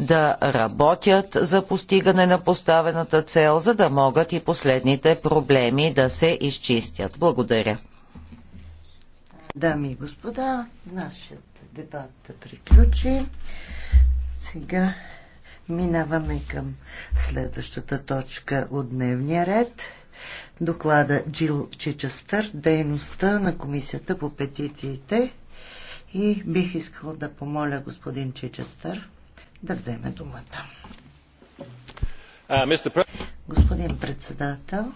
да работят за постигане на поставената цел, за да могат и последните проблеми да се изчистят. Благодаря. Дами и господа, нашият дебат да приключи. Сега минаваме към следващата точка от дневния ред. Доклада Джил Чичестър, дейността на Комисията по петициите. И бих искала да помоля господин Чичестър да вземе думата. Господин председател,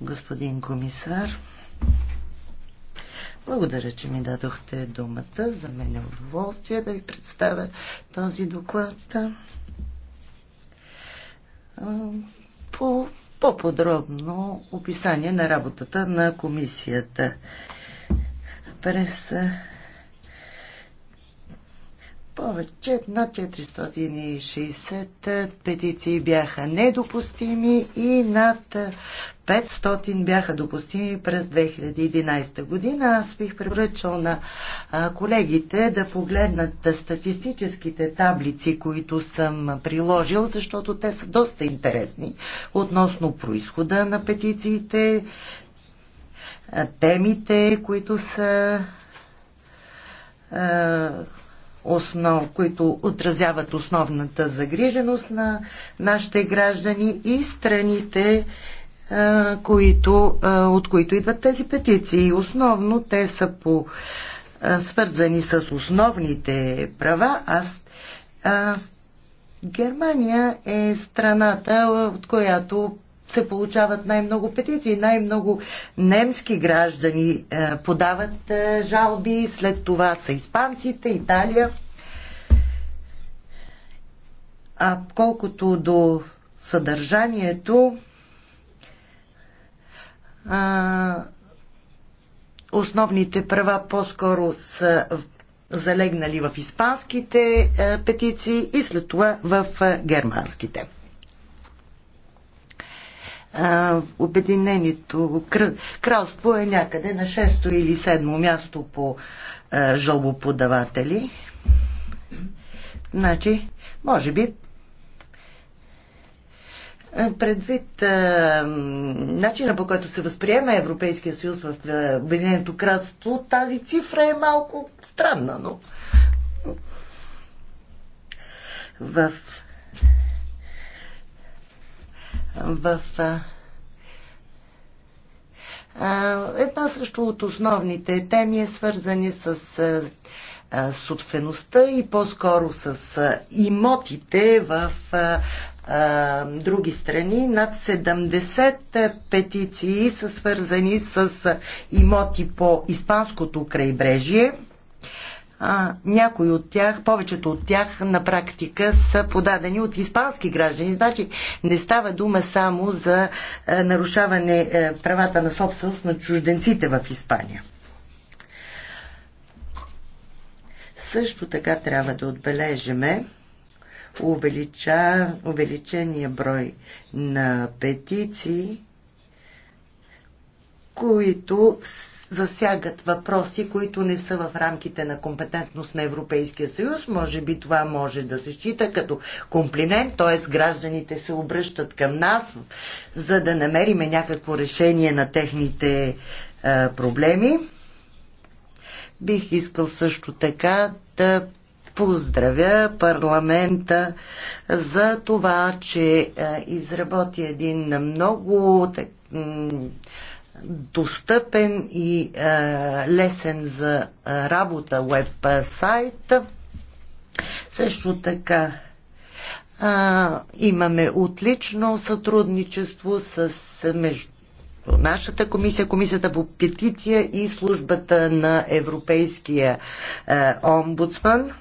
господин комисар, благодаря, че ми дадохте думата. За мен е удоволствие да ви представя този доклад. По по-подробно описание на работата на комисията. През повече на 460 петиции бяха недопустими и над 500 бяха допустими през 2011 година. Аз бих препоръчал на колегите да погледнат статистическите таблици, които съм приложил, защото те са доста интересни относно происхода на петициите, темите, които са основ, които отразяват основната загриженост на нашите граждани и страните, е, които, е, от които идват тези петиции. Основно те са по, е, свързани с основните права, а, а Германия е страната, от която се получават най-много петиции, най-много немски граждани е, подават е, жалби, след това са испанците, Италия. А колкото до съдържанието, а, основните права по-скоро са залегнали в испанските е, петиции и след това в германските. Обединението кралство е някъде на 6 или 7 място по жалбоподаватели. Значи, може би Предвид а, начина по който се възприема Европейския съюз в Обединеното кралство, тази цифра е малко странна, но в в една също от основните теми е свързани с собствеността и по-скоро с имотите в други страни. Над 70 петиции са свързани с имоти по Испанското крайбрежие а, някои от тях, повечето от тях на практика са подадени от испански граждани. Значи не става дума само за а, е, нарушаване а, е, правата на собственост на чужденците в Испания. Също така трябва да отбележиме увелича, увеличения брой на петиции, които засягат въпроси, които не са в рамките на компетентност на Европейския съюз. Може би това може да се счита като комплимент, т.е. гражданите се обръщат към нас, за да намериме някакво решение на техните е, проблеми. Бих искал също така да поздравя парламента за това, че е, изработи един много так, достъпен и а, лесен за работа веб-сайт. Също така а, имаме отлично сътрудничество с между нашата комисия, комисията по петиция и службата на Европейския е, омбудсман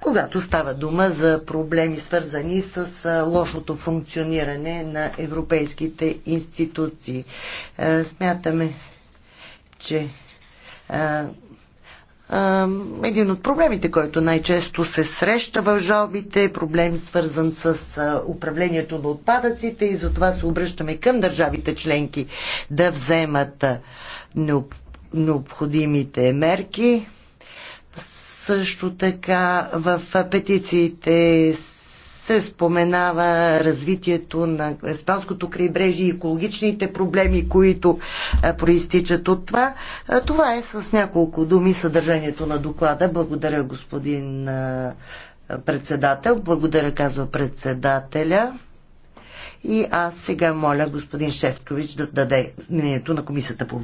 когато става дума за проблеми свързани с лошото функциониране на европейските институции. Смятаме, че един от проблемите, който най-често се среща в жалбите, е проблем свързан с управлението на отпадъците и затова се обръщаме към държавите членки да вземат необходимите мерки. Също така в петициите се споменава развитието на Испанското крайбрежие и екологичните проблеми, които проистичат от това. Това е с няколко думи съдържанието на доклада. Благодаря, господин председател. Благодаря, казва председателя. И аз сега моля господин Шефкович да даде мнението на комисията по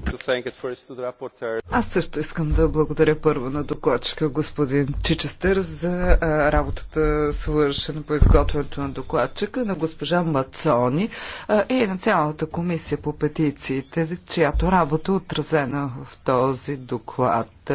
Аз също искам да благодаря първо на докладчика господин Чичестър за работата свършена по изготвянето на докладчика, на госпожа Мацони и на цялата комисия по петициите, чиято работа е отразена в този доклад.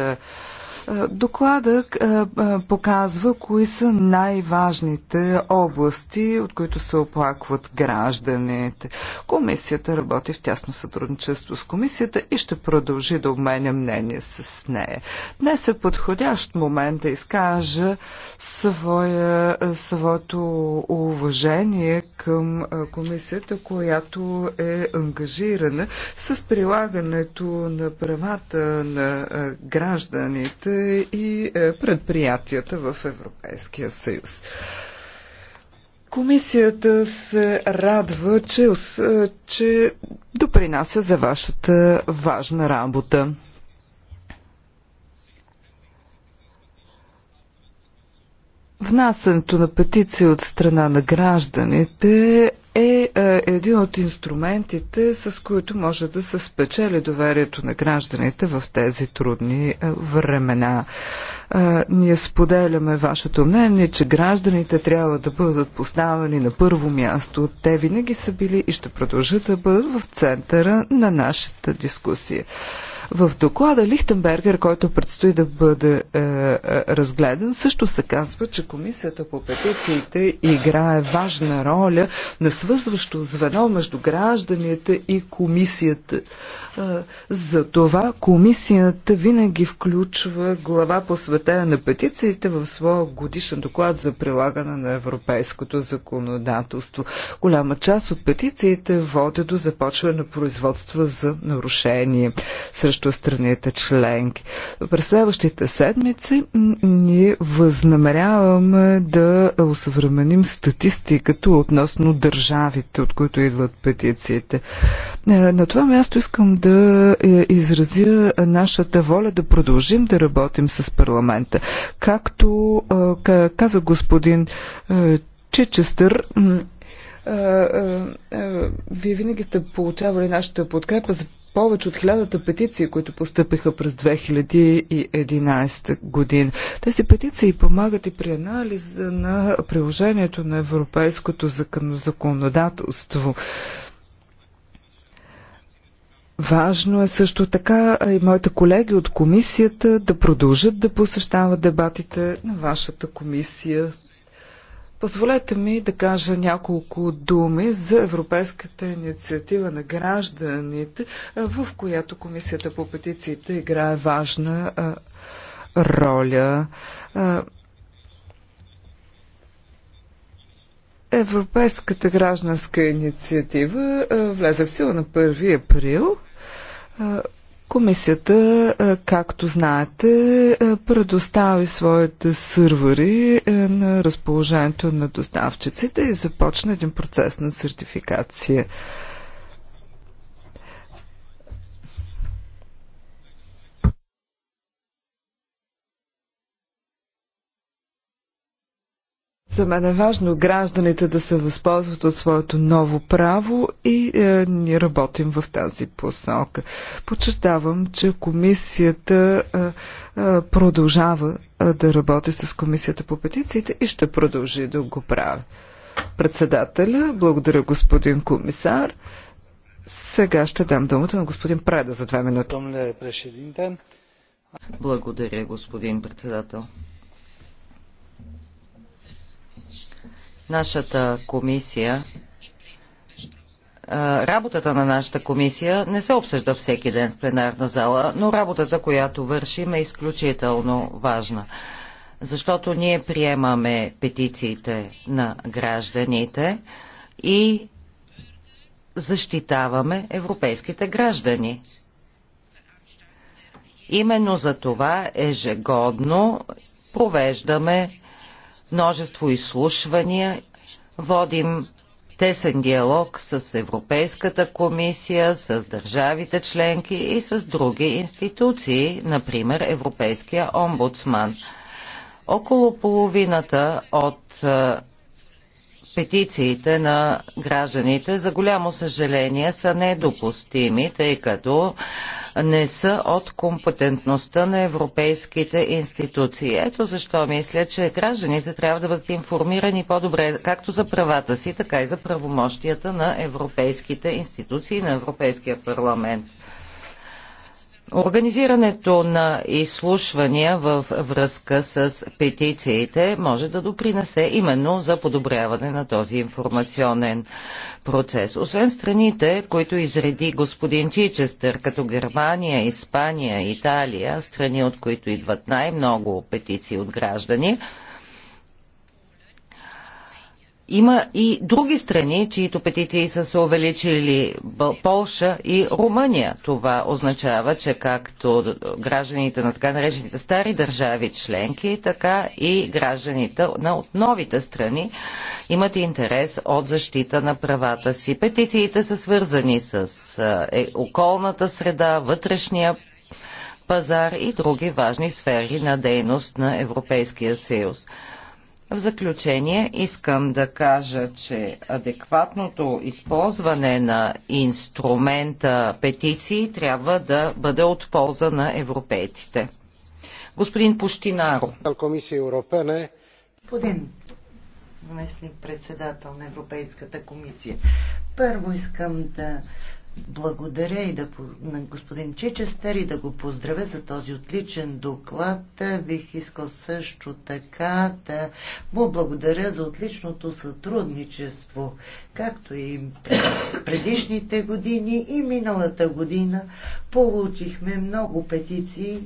Е, докладът е, е, показва кои са най-важните области, от които се оплакват гражданите. Комисията работи в тясно сътрудничество с комисията и ще продължи да обменя мнение с нея. Днес е подходящ момент да изкажа своя, своето уважение към комисията, която е ангажирана с прилагането на правата на гражданите бизнеса и е, предприятията в Европейския съюз. Комисията се радва, че, е, че допринася за вашата важна работа. Внасянето на петиции от страна на гражданите е, е един от инструментите, с които може да се спечели доверието на гражданите в тези трудни е, времена. Е, ние споделяме вашето мнение, че гражданите трябва да бъдат поставени на първо място. Те винаги са били и ще продължат да бъдат в центъра на нашата дискусия. В доклада Лихтенбергер, който предстои да бъде е, е, разгледан, също се казва, че Комисията по петициите играе важна роля на свързващо звено между гражданите и комисията. За това комисията винаги включва глава посветена на петициите в своя годишен доклад за прилагане на европейското законодателство. Голяма част от петициите води до започване на производства за нарушение срещу страните членки. През следващите седмици ние възнамеряваме да осъвременим статистиката относно държавата държавите, от които идват петициите. Е, на това място искам да е, изразя нашата воля да продължим да работим с парламента. Както е, каза господин Чичестър, е, е, е, вие винаги сте получавали нашата подкрепа за повече от хилядата петиции, които постъпиха през 2011 година. Тези петиции помагат и при анализа на приложението на европейското законодателство. Важно е също така и моите колеги от комисията да продължат да посещават дебатите на вашата комисия Позволете ми да кажа няколко думи за Европейската инициатива на гражданите, в която Комисията по петициите играе важна роля. Европейската гражданска инициатива влезе в сила на 1 април. Комисията, е, както знаете, е, предостави своите сървъри е, на разположението на доставчиците и започна един процес на сертификация. За мен е важно гражданите да се възползват от своето ново право и е, ние работим в тази посока. Подчертавам, че комисията е, е, продължава е, да работи с комисията по петициите и ще продължи да го прави. Председателя, благодаря господин комисар. Сега ще дам думата на господин Преда за две минути. Благодаря, господин председател. нашата комисия, работата на нашата комисия не се обсъжда всеки ден в пленарна зала, но работата, която вършим е изключително важна. Защото ние приемаме петициите на гражданите и защитаваме европейските граждани. Именно за това ежегодно провеждаме множество изслушвания, водим тесен диалог с Европейската комисия, с държавите членки и с други институции, например Европейския омбудсман. Около половината от е, Петициите на гражданите, за голямо съжаление, са недопустими, тъй като не са от компетентността на европейските институции. Ето защо мисля, че гражданите трябва да бъдат информирани по-добре както за правата си, така и за правомощията на европейските институции и на Европейския парламент. Организирането на изслушвания в връзка с петициите може да допринесе именно за подобряване на този информационен процес. Освен страните, които изреди господин Чичестър, като Германия, Испания, Италия, страни от които идват най-много петиции от граждани, има и други страни, чието петиции са се увеличили Полша и Румъния. Това означава, че както гражданите на така наречените стари държави членки, така и гражданите на новите страни имат интерес от защита на правата си. Петициите са свързани с е, околната среда, вътрешния пазар и други важни сфери на дейност на Европейския съюз. В заключение искам да кажа, че адекватното използване на инструмента петиции трябва да бъде от полза на европейците. Господин Пуштинаро. Комисия Европене. Господин заместник председател на Европейската комисия. Първо искам да благодаря и да, на господин Чичестер и да го поздравя за този отличен доклад. Бих искал също така да му благодаря за отличното сътрудничество, както и предишните години и миналата година получихме много петиции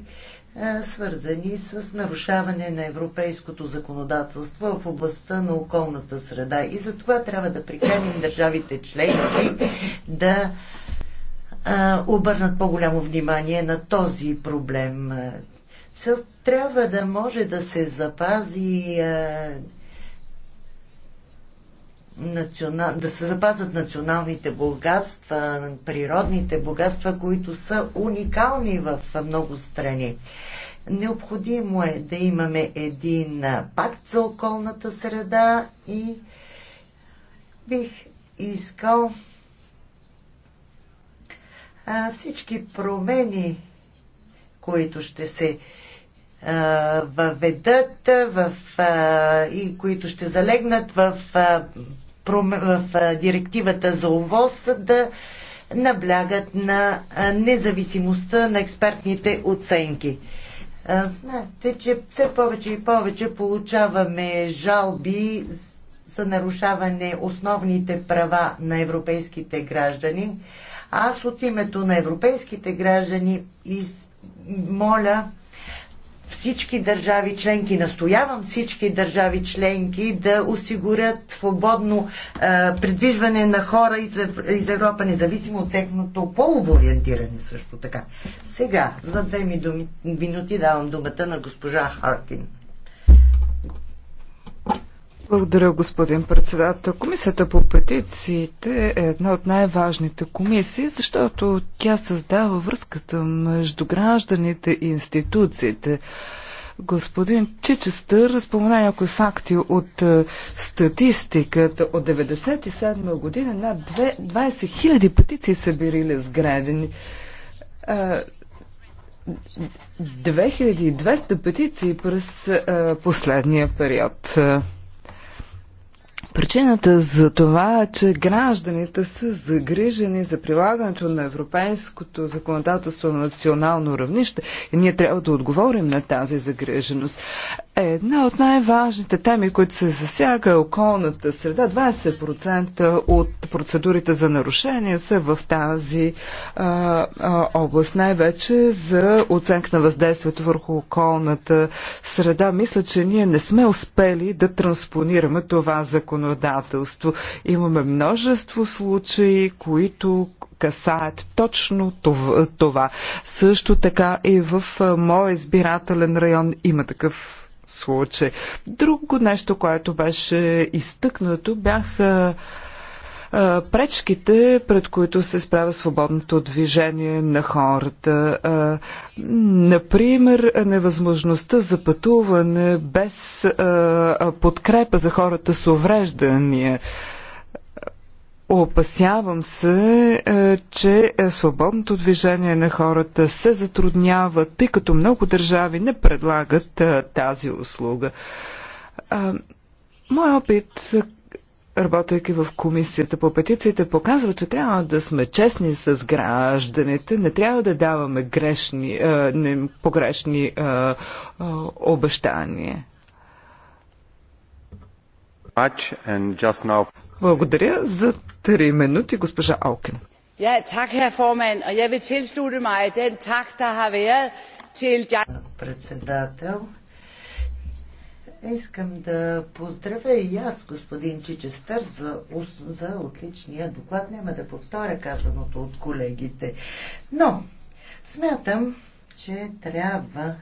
е, свързани с нарушаване на европейското законодателство в областта на околната среда. И за това трябва да приканим държавите членки да е, обърнат по-голямо внимание на този проблем. Цел трябва да може да се запази е, национал... да се запазят националните богатства, природните богатства, които са уникални в много страни. Необходимо е да имаме един пакт за околната среда и бих искал всички промени, които ще се въведат в, и които ще залегнат в в директивата за ОВОз да наблягат на независимостта на експертните оценки. Знаете, че все повече и повече получаваме жалби за нарушаване основните права на европейските граждани. Аз от името на европейските граждани из... моля всички държави членки, настоявам всички държави членки да осигурят свободно а, е, придвижване на хора из, из Европа, независимо от техното полово ориентиране също така. Сега, за две минути давам думата на госпожа Харкин. Благодаря, господин председател. Комисията по петициите е една от най-важните комисии, защото тя създава връзката между гражданите и институциите. Господин Чичестър разпомена някои факти от е, статистиката. От 1997 година над 20 000 петиции са били сградени. 2200 е, петиции през е, последния период. Причината за това е, че гражданите са загрижени за прилагането на европейското законодателство на национално равнище и ние трябва да отговорим на тази загриженост. Е, една от най-важните теми, които се засяга е околната среда. 20% от процедурите за нарушения са в тази а, а, област, най-вече за оценка на въздействието върху околната среда. Мисля, че ние не сме успели да транспонираме това законодателство законодателство. Имаме множество случаи, които касаят точно това. Също така и в моя избирателен район има такъв случай. Друго нещо, което беше изтъкнато, бяха пречките, пред които се справя свободното движение на хората. Например, невъзможността за пътуване без подкрепа за хората с увреждания. Опасявам се, че свободното движение на хората се затруднява, тъй като много държави не предлагат тази услуга. Мой опит работейки в комисията по петициите, показва, че трябва да сме честни с гражданите, не трябва да даваме грешни, а, не, погрешни а, а, обещания. Благодаря за три минути, госпожа Алкин. Ja, tak, herr formand, og jeg vil tilslutte mig den tak, der har været til... Председател, Искам да поздравя и аз господин Чичестър за, за отличния доклад. Няма да повторя казаното от колегите. Но смятам, че трябва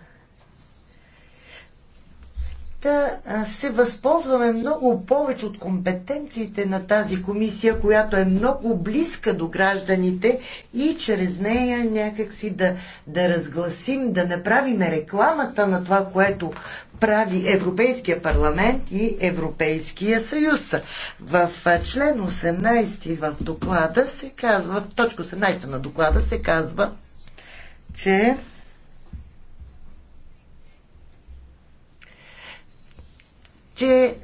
да се възползваме много повече от компетенциите на тази комисия, която е много близка до гражданите и чрез нея някакси да, да разгласим, да направим рекламата на това, което прави Европейския парламент и Европейския съюз. В член 18 в доклада се казва, в точка 18 на доклада се казва, че че е,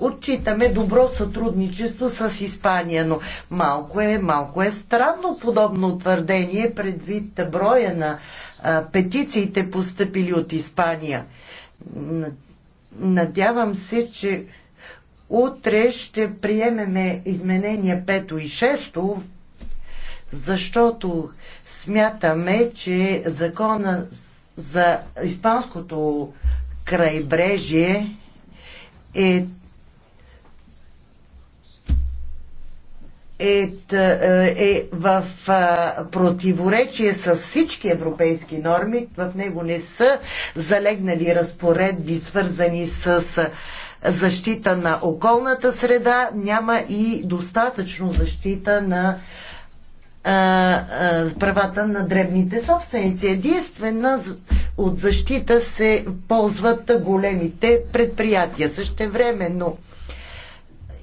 отчитаме добро сътрудничество с Испания, но малко е, малко е странно подобно твърдение предвид броя на е, петициите поступили от Испания. Надявам се, че утре ще приемеме изменения 5 и 6, защото смятаме, че закона за испанското крайбрежие е, е е, е в а, противоречие с всички европейски норми. В него не са залегнали разпоредби, свързани с защита на околната среда. Няма и достатъчно защита на правата на древните собственици. Единствена от защита се ползват големите предприятия. но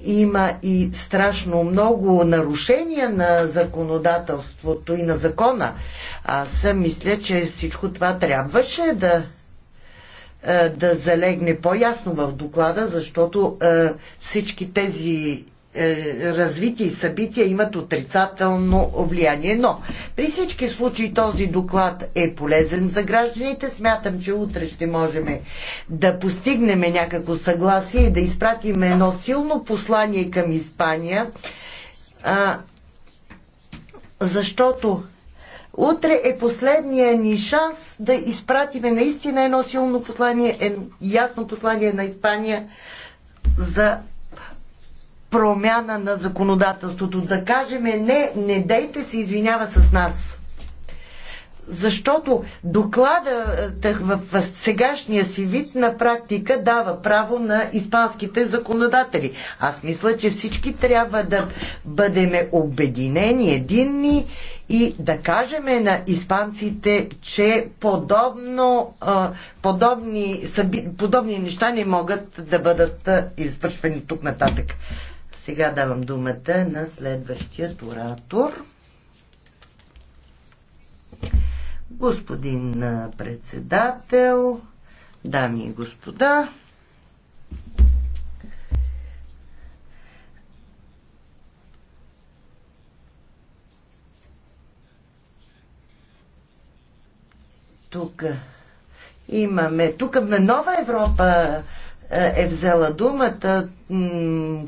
има и страшно много нарушения на законодателството и на закона. Аз мисля, че всичко това трябваше да да залегне по-ясно в доклада, защото е, всички тези е, развитие и събития имат отрицателно влияние. Но при всички случаи този доклад е полезен за гражданите. Смятам, че утре ще можем да постигнем някакво съгласие и да изпратим едно силно послание към Испания, а, защото Утре е последния ни шанс да изпратиме наистина едно силно послание, едно ясно послание на Испания за промяна на законодателството. Да кажем не, не дейте се извинява с нас. Защото докладът е, в сегашния си вид на практика дава право на испанските законодатели. Аз мисля, че всички трябва да бъдем обединени, единни и да кажеме на испанците, че подобно, е, подобни, подобни неща не могат да бъдат е, извършвани тук нататък. Сега давам думата на следващия оратор. Господин председател, дами и господа, тук имаме, тук на нова Европа е, е взела думата.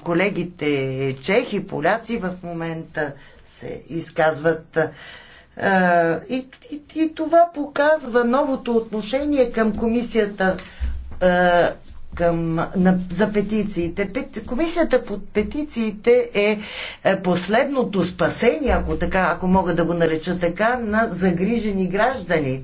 Колегите чехи, поляци в момента се изказват. Е, и, и, и това показва новото отношение към комисията е, към, на, за петициите. Пет, комисията под петициите е, е последното спасение, ако, така, ако мога да го нареча така, на загрижени граждани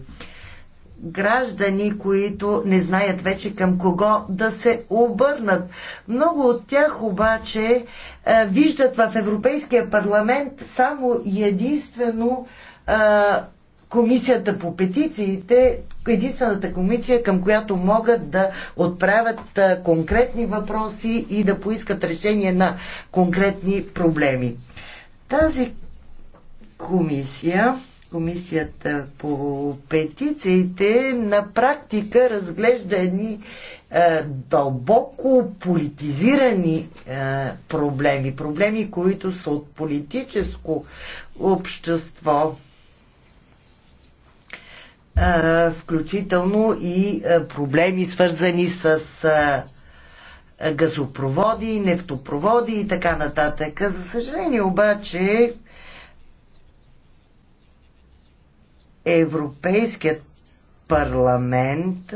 граждани, които не знаят вече към кого да се обърнат. Много от тях обаче е, виждат в Европейския парламент само и единствено е, комисията по петициите, единствената комисия, към която могат да отправят е, конкретни въпроси и да поискат решение на конкретни проблеми. Тази комисия комисията по петициите на практика разглежда едни е, дълбоко политизирани е, проблеми, проблеми, които са от политическо общество, е, включително и е, проблеми свързани с е, газопроводи, нефтопроводи и така нататък. За съжаление обаче Европейският парламент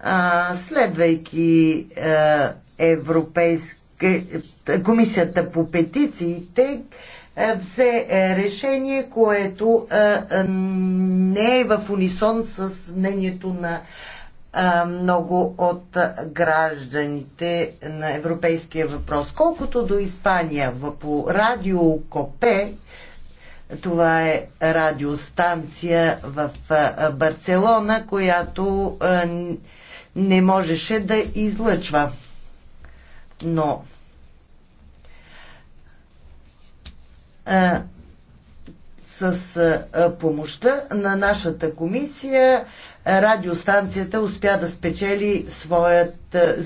а, следвайки а, европейски е, Комисията по петициите е, взе е, решение, което не е в унисон с мнението на много от гражданите на европейския въпрос. Колкото до Испания, по радио Копе това е радиостанция в Барселона, която не можеше да излъчва. Но а, с а, помощта на нашата комисия радиостанцията успя да спечели своят а,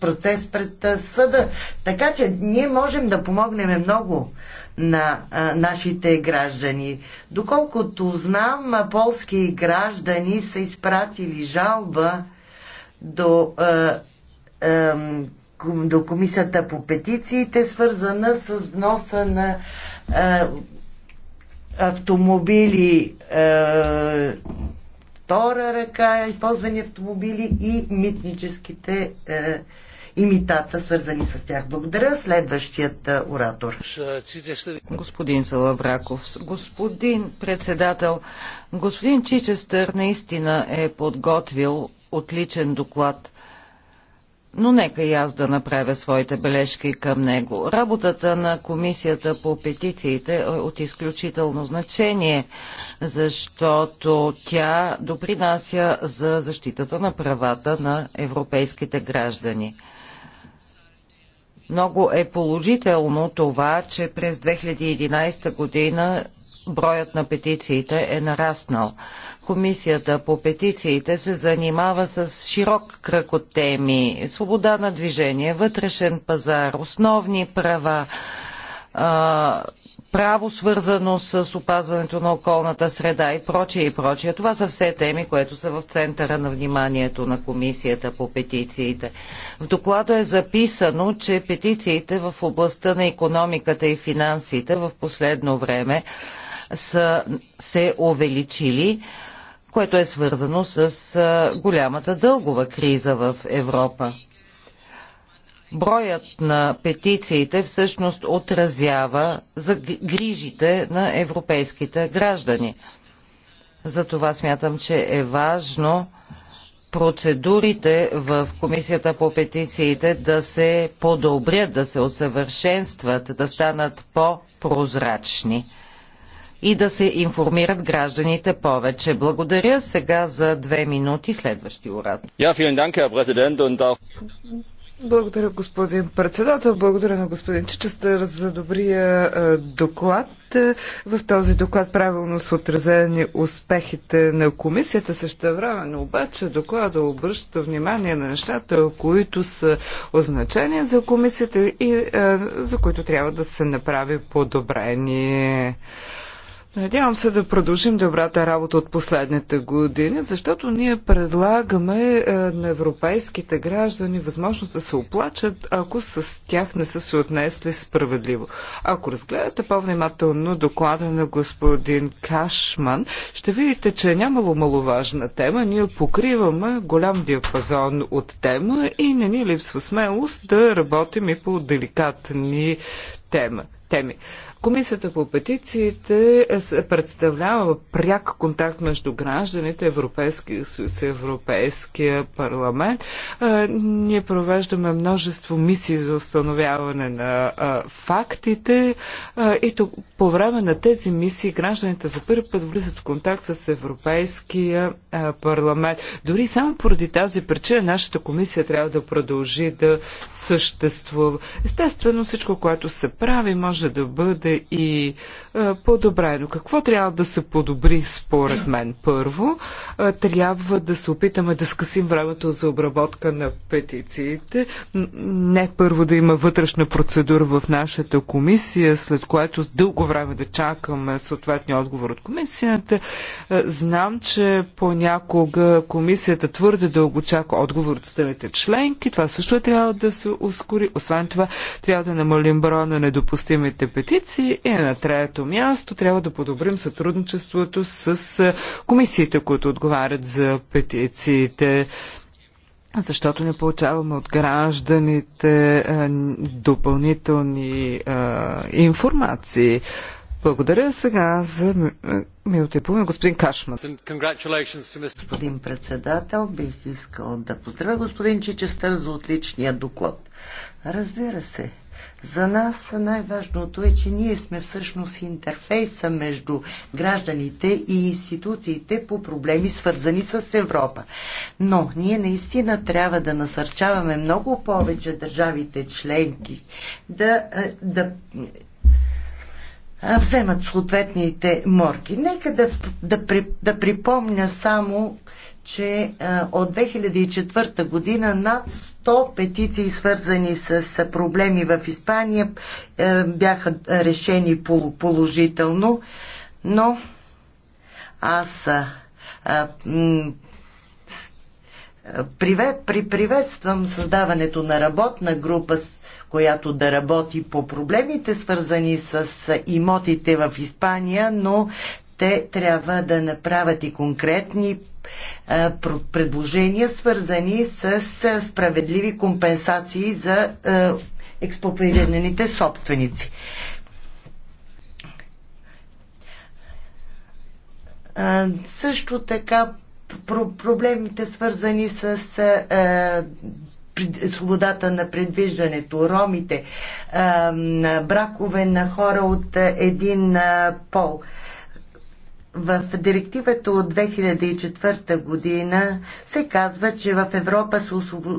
процес пред съда. Така че ние можем да помогнем много на а, нашите граждани. Доколкото знам, полски граждани са изпратили жалба до, а, а, до комисията по петициите, свързана с вноса на а, автомобили а, втора ръка, използвани автомобили и митническите а, и митата, свързани с тях. Благодаря. Следващият оратор. Господин Салавраков, господин председател, господин Чичестър наистина е подготвил отличен доклад – но нека и аз да направя своите бележки към него. Работата на комисията по петициите е от изключително значение, защото тя допринася за защитата на правата на европейските граждани. Много е положително това, че през 2011 година броят на петициите е нараснал. Комисията по петициите се занимава с широк кръг от теми. Свобода на движение, вътрешен пазар, основни права, право свързано с опазването на околната среда и прочие и прочие. Това са все теми, които са в центъра на вниманието на комисията по петициите. В доклада е записано, че петициите в областта на економиката и финансите в последно време са се увеличили, което е свързано с голямата дългова криза в Европа. Броят на петициите всъщност отразява за грижите на европейските граждани. Затова смятам, че е важно процедурите в Комисията по петициите да се подобрят, да се усъвършенстват, да станат по-прозрачни и да се информират гражданите повече. Благодаря сега за две минути следващи урад. Благодаря, господин председател. Благодаря на господин Чичестър за добрия доклад. В този доклад правилно са отразени успехите на комисията. Същевременно обаче доклада обръща внимание на нещата, които са означение за комисията и за които трябва да се направи подобрение. Надявам се да продължим добрата работа от последните години, защото ние предлагаме е, на европейските граждани възможност да се оплачат, ако с тях не са се отнесли справедливо. Ако разгледате по-внимателно доклада на господин Кашман, ще видите, че е нямало маловажна тема. Ние покриваме голям диапазон от тема и не ни липсва смелост да работим и по деликатни тема, теми. Комисията по петициите представлява пряк контакт между гражданите, Европейския съюз и Европейския парламент. Ние провеждаме множество мисии за установяване на фактите и тук, по време на тези мисии гражданите за първи път влизат в контакт с Европейския парламент. Дори само поради тази причина нашата комисия трябва да продължи да съществува. Естествено, всичко, което се прави, може да бъде и е, подобрено. Какво трябва да се подобри според мен? Първо, е, трябва да се опитаме да скъсим времето за обработка на петициите. Не първо да има вътрешна процедура в нашата комисия, след което дълго време да чакаме съответния отговор от комисията. Е, знам, че понякога комисията твърде дълго чака отговор от страните членки. Това също трябва да се ускори. Освен това, трябва да намалим броя на недопустимите петиции институции и е на трето място трябва да подобрим сътрудничеството с е, комисиите, които отговарят за петициите защото не получаваме от гражданите е, допълнителни информации. Благодаря сега за минута и половина господин Кашман. Господин председател, бих искал да поздравя господин Чичестър за отличния доклад. Разбира се, за нас най-важното е, че ние сме всъщност интерфейса между гражданите и институциите по проблеми свързани с Европа. Но ние наистина трябва да насърчаваме много повече държавите членки да, е, да вземат съответните морки. Нека да, да, да припомня само че от 2004 година над 100 петиции, свързани с проблеми в Испания, бяха решени положително, но аз приветствам създаването на работна група с която да работи по проблемите, свързани с имотите в Испания, но те трябва да направят и конкретни предложения, свързани с справедливи компенсации за експроприираните собственици. Също така проблемите свързани с свободата на предвиждането, ромите, бракове на хора от един пол – в директивата от 2004 година се казва, че в Европа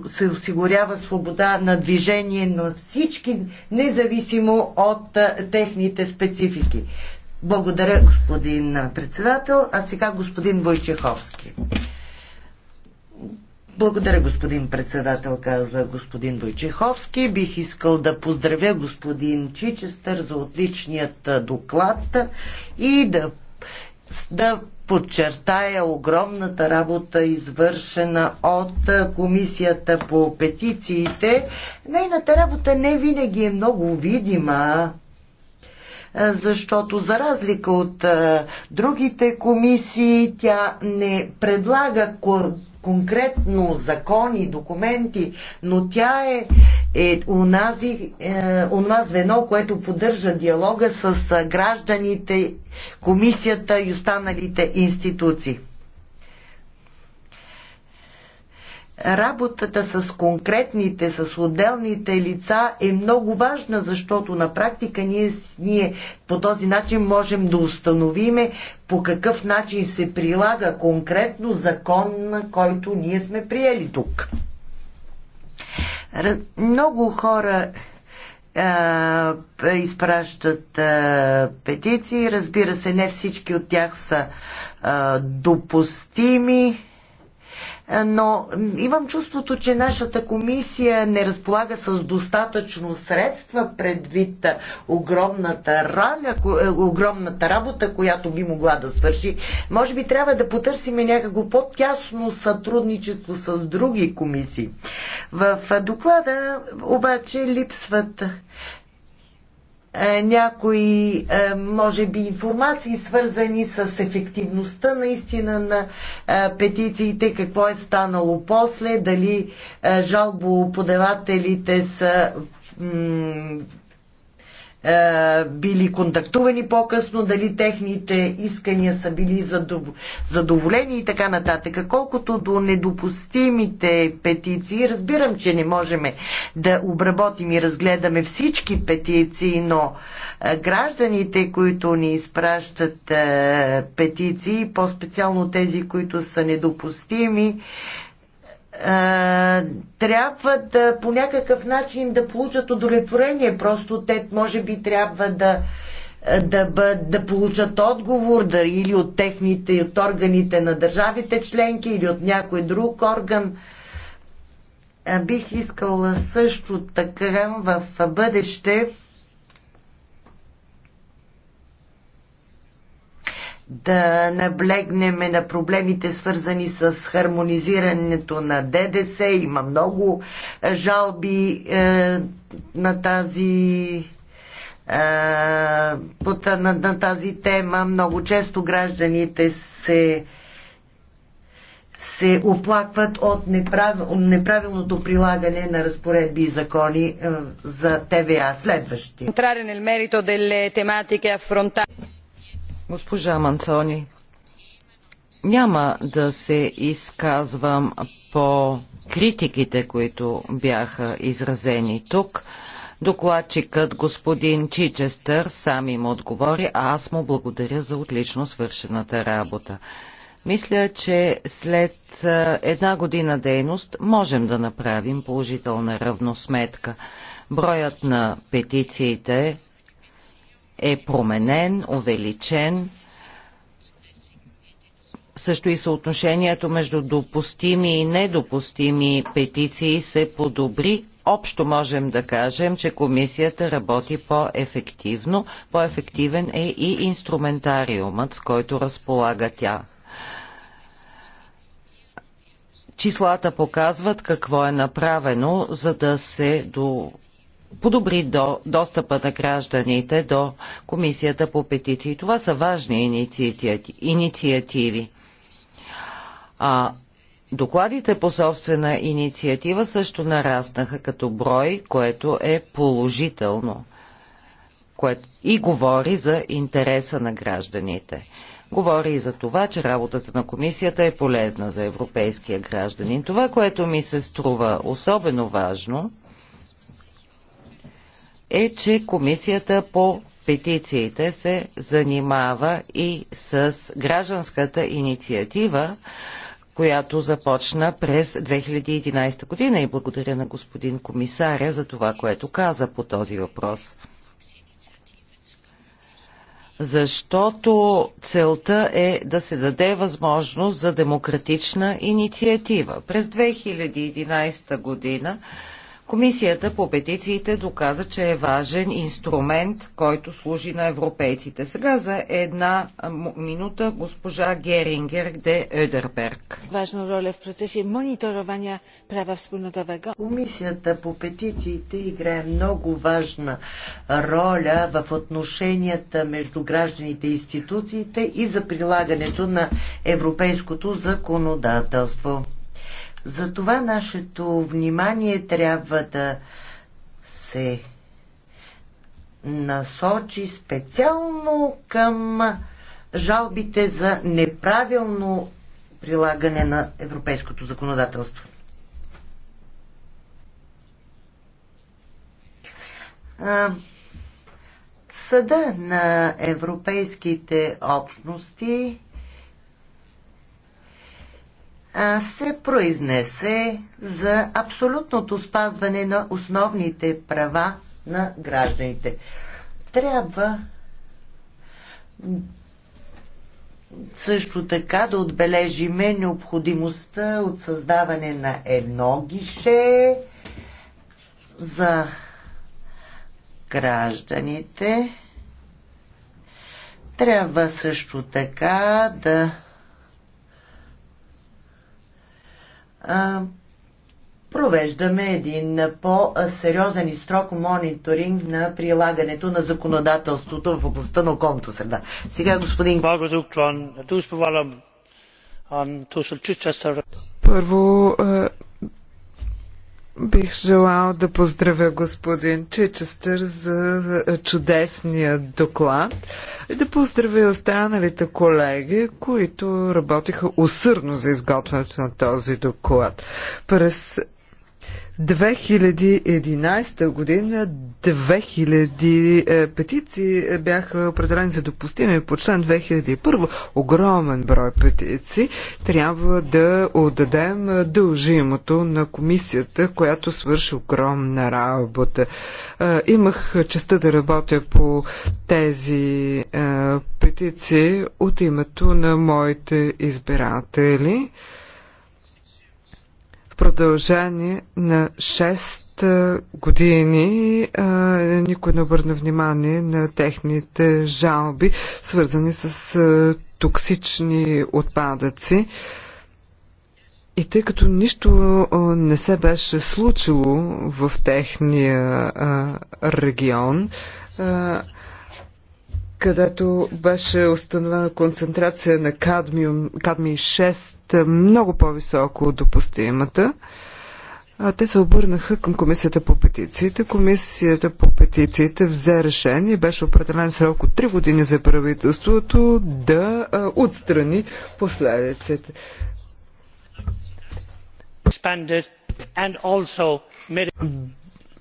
се осигурява свобода на движение на всички, независимо от техните специфики. Благодаря, господин председател. А сега господин Войчеховски. Благодаря, господин председател, казва господин Войчеховски. Бих искал да поздравя господин Чичестър за отличният доклад и да да подчертая огромната работа, извършена от Комисията по петициите. Нейната работа не винаги е много видима, защото за разлика от другите комисии, тя не предлага конкретно закони, документи, но тя е, е унази, е, онова звено, което поддържа диалога с е, гражданите, комисията и останалите институции. работата с конкретните, с отделните лица е много важна, защото на практика ние, ние по този начин можем да установиме по какъв начин се прилага конкретно закон, на който ние сме приели тук. Много хора а, изпращат а, петиции. Разбира се, не всички от тях са а, допустими е, но имам чувството, че нашата комисия не разполага с достатъчно средства предвид огромната роля, е, огромната работа, която би могла да свърши. Може би трябва да потърсим някакво по-тясно сътрудничество с други комисии. В доклада обаче липсват е, някои, е, може би, информации, свързани с ефективността наистина на е, петициите, какво е станало после, дали жалбоподавателите са е, били контактувани по-късно, дали техните искания са били задоволени и така нататък. Колкото до недопустимите петиции, разбирам, че не можем да обработим и разгледаме всички петиции, но е, гражданите, които ни изпращат е, петиции, по-специално тези, които са недопустими, е, трябва да по някакъв начин да получат удовлетворение. Просто те може би трябва да, да, да получат отговор да, или от техните, от органите на държавите членки, или от някой друг орган. Е, бих искала също така в бъдеще да наблегнем на проблемите свързани с хармонизирането на ДДС. Има много е, жалби е, на тази е, на, на тази тема. Много често гражданите се се оплакват от неправил, неправилното прилагане на разпоредби и закони е, за ТВА. Следващи. Госпожа Манцони, няма да се изказвам по критиките, които бяха изразени тук. Докладчикът господин Чичестър сам им отговори, а аз му благодаря за отлично свършената работа. Мисля, че след една година дейност можем да направим положителна равносметка. Броят на петициите е променен, увеличен. Също и съотношението между допустими и недопустими петиции се подобри. Общо можем да кажем, че комисията работи по-ефективно. По-ефективен е и инструментариумът, с който разполага тя. Числата показват какво е направено, за да се до подобри до, достъпа на гражданите до Комисията по петиции. Това са важни инициативи. А, докладите по собствена инициатива също нараснаха като брой, което е положително което и говори за интереса на гражданите. Говори и за това, че работата на комисията е полезна за европейския гражданин. Това, което ми се струва особено важно – е, че комисията по петициите се занимава и с гражданската инициатива, която започна през 2011 година и благодаря на господин комисаря за това, което каза по този въпрос. Защото целта е да се даде възможност за демократична инициатива. През 2011 година Комисията по петициите доказа, че е важен инструмент, който служи на европейците. Сега за една минута госпожа Герингер де Едерберг. Важна роля в процесе мониторования права wspólnotowego. Комисията по петициите играе много важна роля в отношенията между гражданите и институциите и за прилагането на европейското законодателство. Затова нашето внимание трябва да се насочи специално към жалбите за неправилно прилагане на европейското законодателство. Съда на европейските общности се произнесе за абсолютното спазване на основните права на гражданите. Трябва също така да отбележиме необходимостта от създаване на едно гише за гражданите. Трябва също така да провеждаме един по-сериозен и строг мониторинг на прилагането на законодателството в областта на околната среда. Сега господин... Първо бих желал да поздравя господин Чичестър за чудесния доклад. Е, да поздравя останалите колеги, които работиха усърдно за изготвянето на този доклад. През 2011 година 2000 е, петиции бяха определени за допустими по член 2001. Огромен брой петиции. Трябва да отдадем дължимото на комисията, която свърши огромна работа. Е, имах честа да работя по тези е, петиции от името на моите избиратели продължение на 6 години а, никой не обърна внимание на техните жалби, свързани с а, токсични отпадъци. И тъй като нищо не се беше случило в техния а, регион, а, където беше установена концентрация на кадмиум, кадмий 6 е, много по-високо от допустимата. Те се обърнаха към комисията по петициите. Комисията по петициите взе решение, беше определен срок от 3 години за правителството да отстрани последиците.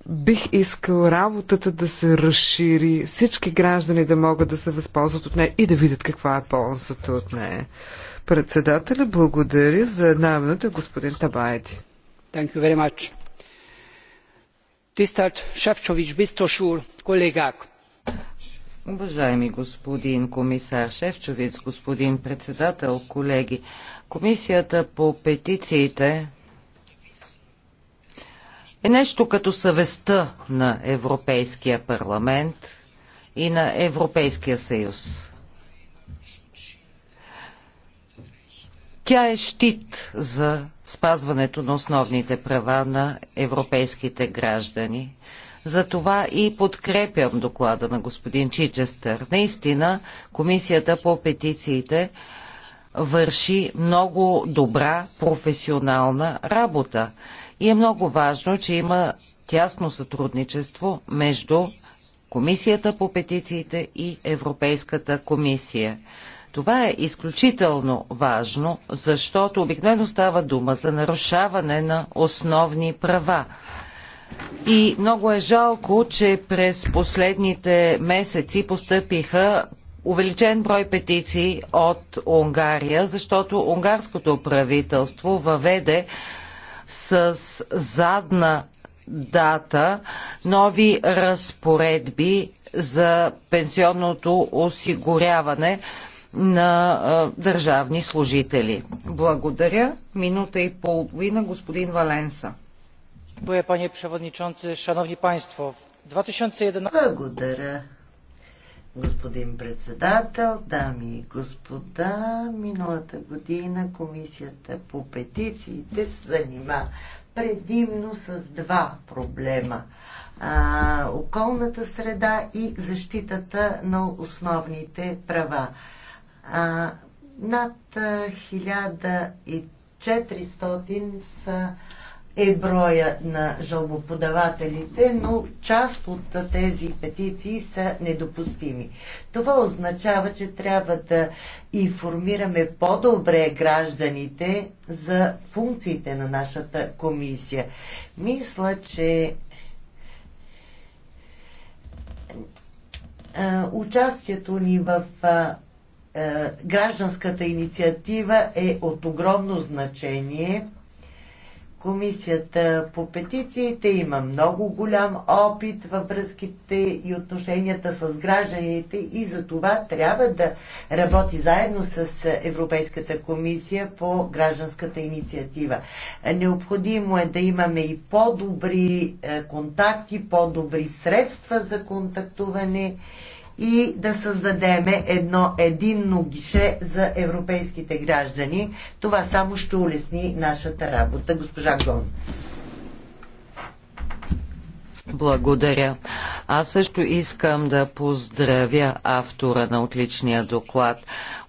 Бих искал работата да се разшири, всички граждани да могат да се възползват от нея и да видят каква е ползата от нея. Председателя благодаря за една минута господин Табайди. Thank you very much. Тистат Шефчович, бистошур, колегак. Уважаеми господин комисар Шефчович, господин председател, колеги, Комисията по петициите е нещо като съвестта на Европейския парламент и на Европейския съюз. Тя е щит за спазването на основните права на европейските граждани. Затова и подкрепям доклада на господин Чичестър. Наистина, Комисията по петициите върши много добра професионална работа. И е много важно, че има тясно сътрудничество между Комисията по петициите и Европейската комисия. Това е изключително важно, защото обикновено става дума за нарушаване на основни права. И много е жалко, че през последните месеци постъпиха увеличен брой петиции от Унгария, защото унгарското правителство въведе с задна дата нови разпоредби за пенсионното осигуряване на а, държавни служители. Благодаря. Минута и половина, господин Валенса. Благодаря, пане Благодаря. Господин председател, дами и господа, миналата година Комисията по петициите се занима предимно с два проблема. А, околната среда и защитата на основните права. А, над 1400 са е броя на жалбоподавателите, но част от тези петиции са недопустими. Това означава, че трябва да информираме по-добре гражданите за функциите на нашата комисия. Мисля, че участието ни в гражданската инициатива е от огромно значение – Комисията по петициите има много голям опит във връзките и отношенията с гражданите и за това трябва да работи заедно с Европейската комисия по гражданската инициатива. Необходимо е да имаме и по-добри е, контакти, по-добри средства за контактуване и да създадеме едно единно гише за европейските граждани. Това само ще улесни нашата работа. Госпожа Гон. Благодаря. Аз също искам да поздравя автора на отличния доклад.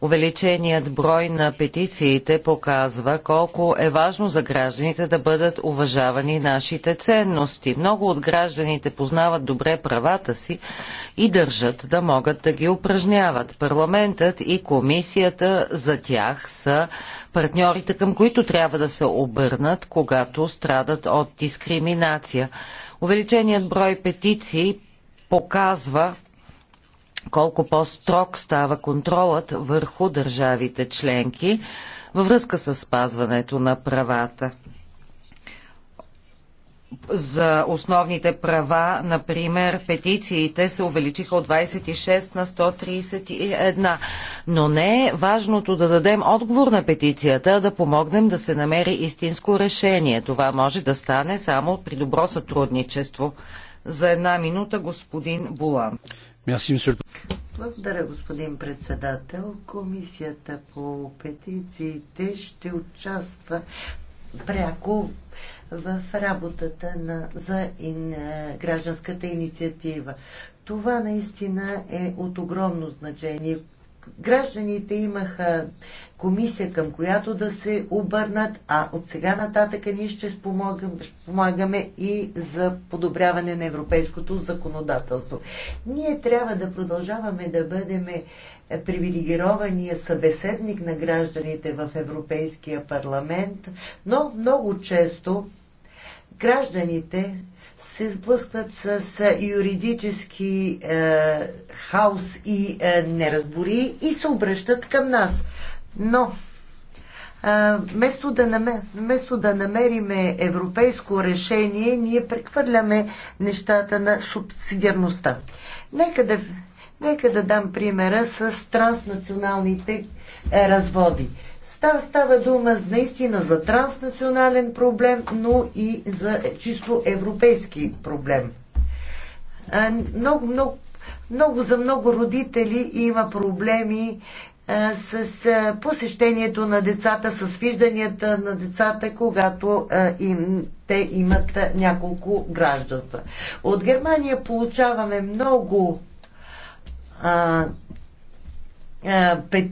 Увеличеният брой на петициите показва колко е важно за гражданите да бъдат уважавани нашите ценности. Много от гражданите познават добре правата си и държат да могат да ги упражняват. Парламентът и комисията за тях са партньорите, към които трябва да се обърнат, когато страдат от дискриминация. Увеличеният брой петиции показва колко по-строг става контролът върху държавите членки във връзка с спазването на правата за основните права, например, петициите се увеличиха от 26 на 131. Но не е важното да дадем отговор на петицията, а да помогнем да се намери истинско решение. Това може да стане само при добро сътрудничество. За една минута господин Булан. Благодаря, господин председател. Комисията по петициите ще участва пряко в работата на, за ин, е, гражданската инициатива. Това наистина е от огромно значение гражданите имаха комисия, към която да се обърнат, а от сега нататък ние ще спомагаме, спомагаме и за подобряване на европейското законодателство. Ние трябва да продължаваме да бъдем е, привилегирования събеседник на гражданите в Европейския парламент, но много често гражданите се сблъскват с юридически е, хаос и е, неразбори и се обръщат към нас. Но е, вместо да, намер, вместо да намериме европейско решение, ние прехвърляме нещата на субсидиарността. Нека да, нека да дам примера с транснационалните е, разводи. Става, става дума наистина за транснационален проблем, но и за чисто европейски проблем. А, много, много, много за много родители има проблеми а, с а, посещението на децата, с вижданията на децата, когато а, им, те имат а, няколко гражданства. От Германия получаваме много а,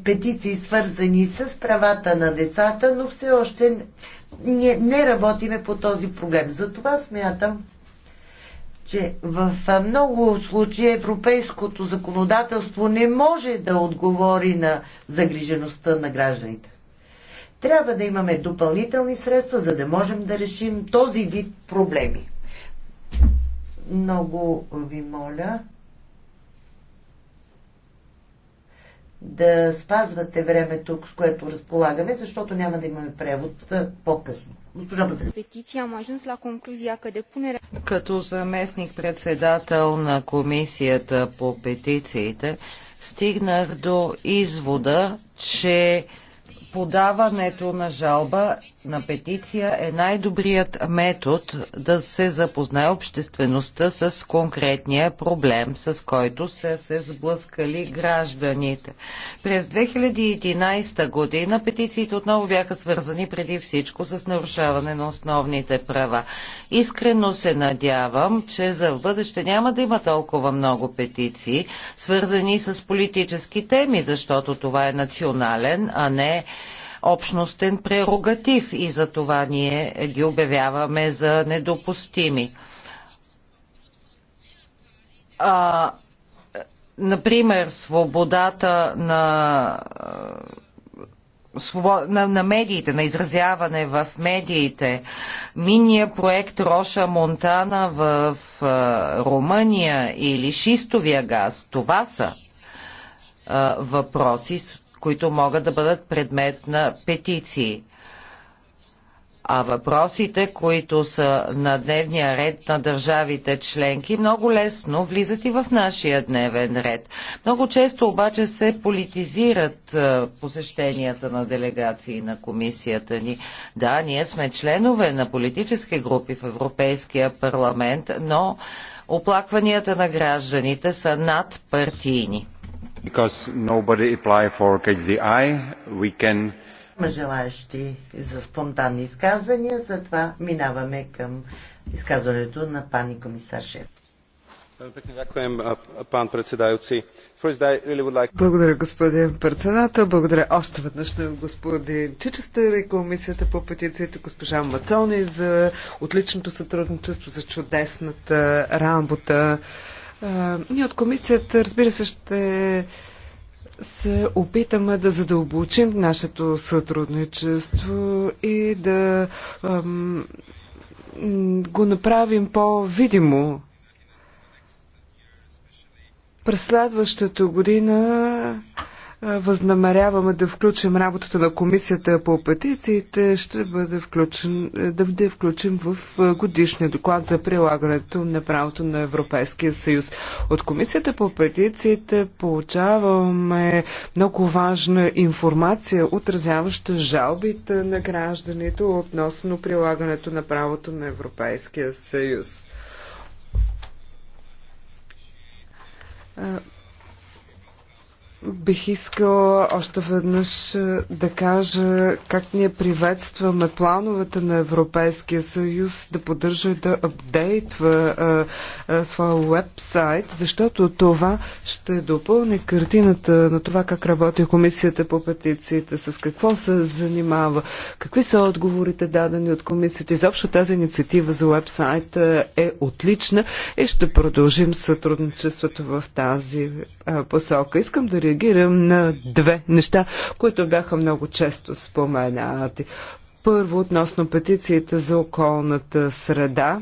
петиции, свързани с правата на децата, но все още не, не работиме по този проблем. Затова смятам, че в много случаи европейското законодателство не може да отговори на загрижеността на гражданите. Трябва да имаме допълнителни средства, за да можем да решим този вид проблеми. Много ви моля да спазвате времето, с което разполагаме, защото няма да имаме превод по-късно. Петиция Като заместник председател на комисията по петициите, стигнах до извода, че подаването на жалба на петиция е най-добрият метод да се запознае обществеността с конкретния проблем, с който са се сблъскали гражданите. През 2011 година петициите отново бяха свързани преди всичко с нарушаване на основните права. Искрено се надявам, че за в бъдеще няма да има толкова много петиции, свързани с политически теми, защото това е национален, а не общностен прерогатив и за това ние ги обявяваме за недопустими. А, например, свободата на на, на медиите, на изразяване в медиите. Миния проект Роша Монтана в, Румъния или шистовия газ. Това са а, въпроси, които могат да бъдат предмет на петиции. А въпросите, които са на дневния ред на държавите членки, много лесно влизат и в нашия дневен ред. Много често обаче се политизират е, посещенията на делегации на комисията ни. Да, ние сме членове на политически групи в Европейския парламент, но оплакванията на гражданите са надпартийни. Can... Има желаящи за спонтанни изказвания, затова минаваме към изказването на пани комисар Шеф. Благодаря, господин председател. Благодаря още веднъж на господин Чичестър и комисията по петициите госпожа Мацони за отличното сътрудничество, за чудесната работа. Ние от комисията, разбира се, ще се опитаме да задълбочим нашето сътрудничество и да ам, го направим по-видимо. През следващата година възнамеряваме да включим работата на комисията по петициите, ще бъде включен, е, да бъде включен в е, годишния доклад за прилагането на правото на Европейския съюз. От комисията по петициите получаваме много важна информация, отразяваща жалбите на гражданите относно прилагането на правото на Европейския съюз. Бих искала още веднъж е, да кажа как ние приветстваме плановете на Европейския съюз да поддържа и да апдейтва а, е, а, е, своя вебсайт, защото това ще допълни картината на това как работи комисията по петициите, с какво се занимава, какви са отговорите дадени от комисията. Изобщо тази инициатива за вебсайта е отлична и ще продължим сътрудничеството в тази а, посока. Искам да реагирам реагирам на две неща, които бяха много често споменати. Първо, относно петицията за околната среда.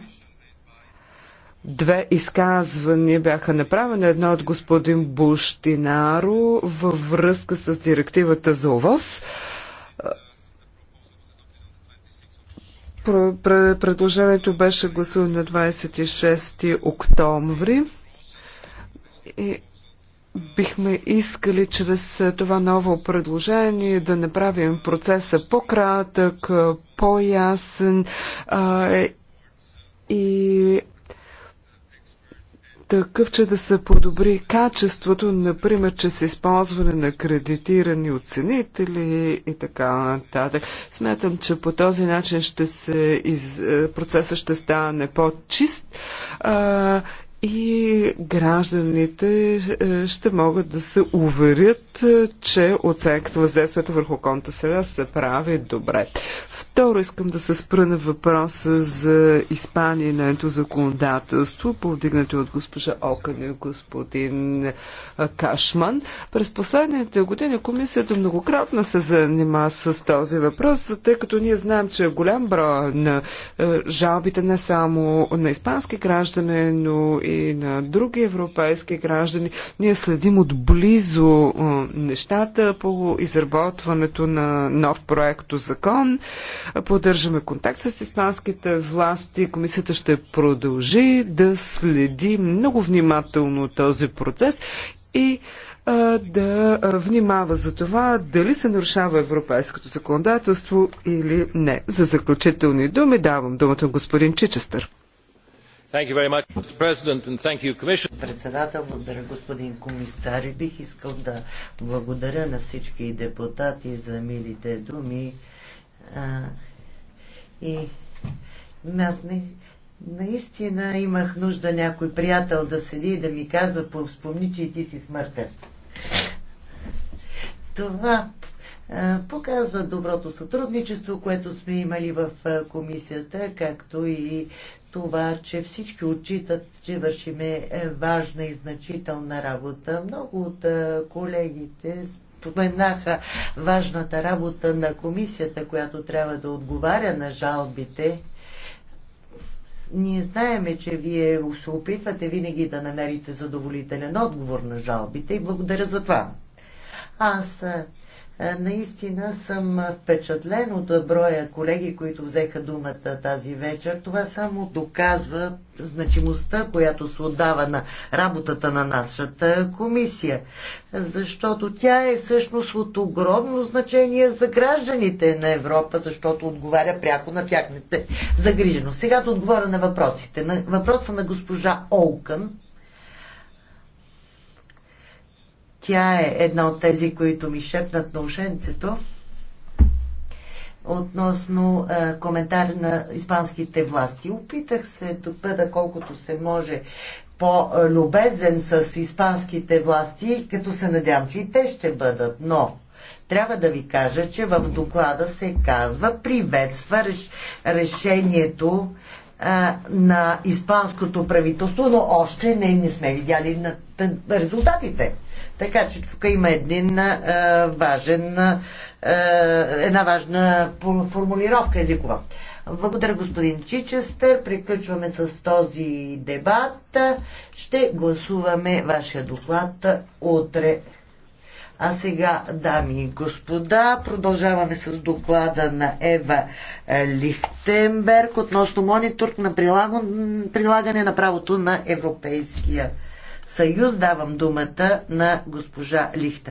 Две изказвания бяха направени. Едно от господин Буштинаро във връзка с директивата за ОВОз. Предложението беше гласувано на 26 октомври. И бихме искали чрез това ново предложение да направим процеса по-кратък, по-ясен е, и такъв, че да се подобри качеството, например, че с използване на кредитирани оценители и така нататък. Смятам, че по този начин ще се из... Е, процесът ще стане по-чист и гражданите е, ще могат да се уверят, е, че оценката въздействието върху околната среда се прави добре. Второ, искам да се спра на въпроса за Испания и ето законодателство, повдигнати от госпожа Окън и господин е, Кашман. През последните години комисията многократно се занима с този въпрос, тъй като ние знаем, че е голям брой на жалбите не само на испански граждани, но и и на други европейски граждани. Ние следим отблизо нещата по изработването на нов проекто закон. Поддържаме контакт с испанските власти. Комисията ще продължи да следи много внимателно този процес и да внимава за това дали се нарушава европейското законодателство или не. За заключителни думи давам думата на господин Чичестър. Председател, благодаря господин комисар. Бих искал да благодаря на всички депутати за милите думи. и аз не, наистина имах нужда някой приятел да седи и да ми казва, спомни, че и ти си смъртен. Това показва доброто сътрудничество, което сме имали в комисията, както и това, че всички отчитат, че вършиме е, важна и значителна работа. Много от е, колегите споменаха важната работа на комисията, която трябва да отговаря на жалбите. Ние знаеме, че вие се опитвате винаги да намерите задоволителен отговор на жалбите и благодаря за това. Аз е, е, наистина съм впечатлен от броя колеги, които взеха думата тази вечер. Това само доказва значимостта, която се отдава на работата на нашата комисия. Защото тя е всъщност от огромно значение за гражданите на Европа, защото отговаря пряко на тяхните загриженост. Сега да отговоря на въпросите. На въпроса на госпожа Олкън Тя е една от тези, които ми шепнат на ушенцето относно а, е, коментар на испанските власти. Опитах се да бъда колкото се може по-любезен с испанските власти, като се надявам, че и те ще бъдат, но трябва да ви кажа, че в доклада се казва приветства реш, решението а, е, на испанското правителство, но още не, не сме видяли на, резултатите. Така че тук има един а, важен, а, една важна формулировка езикова. Благодаря, господин Чичестър. Приключваме с този дебат. Ще гласуваме вашия доклад утре. А сега, дами и господа, продължаваме с доклада на Ева Лихтенберг относно монитор на прилагане на правото на Европейския съюз. Давам думата на госпожа Лихта.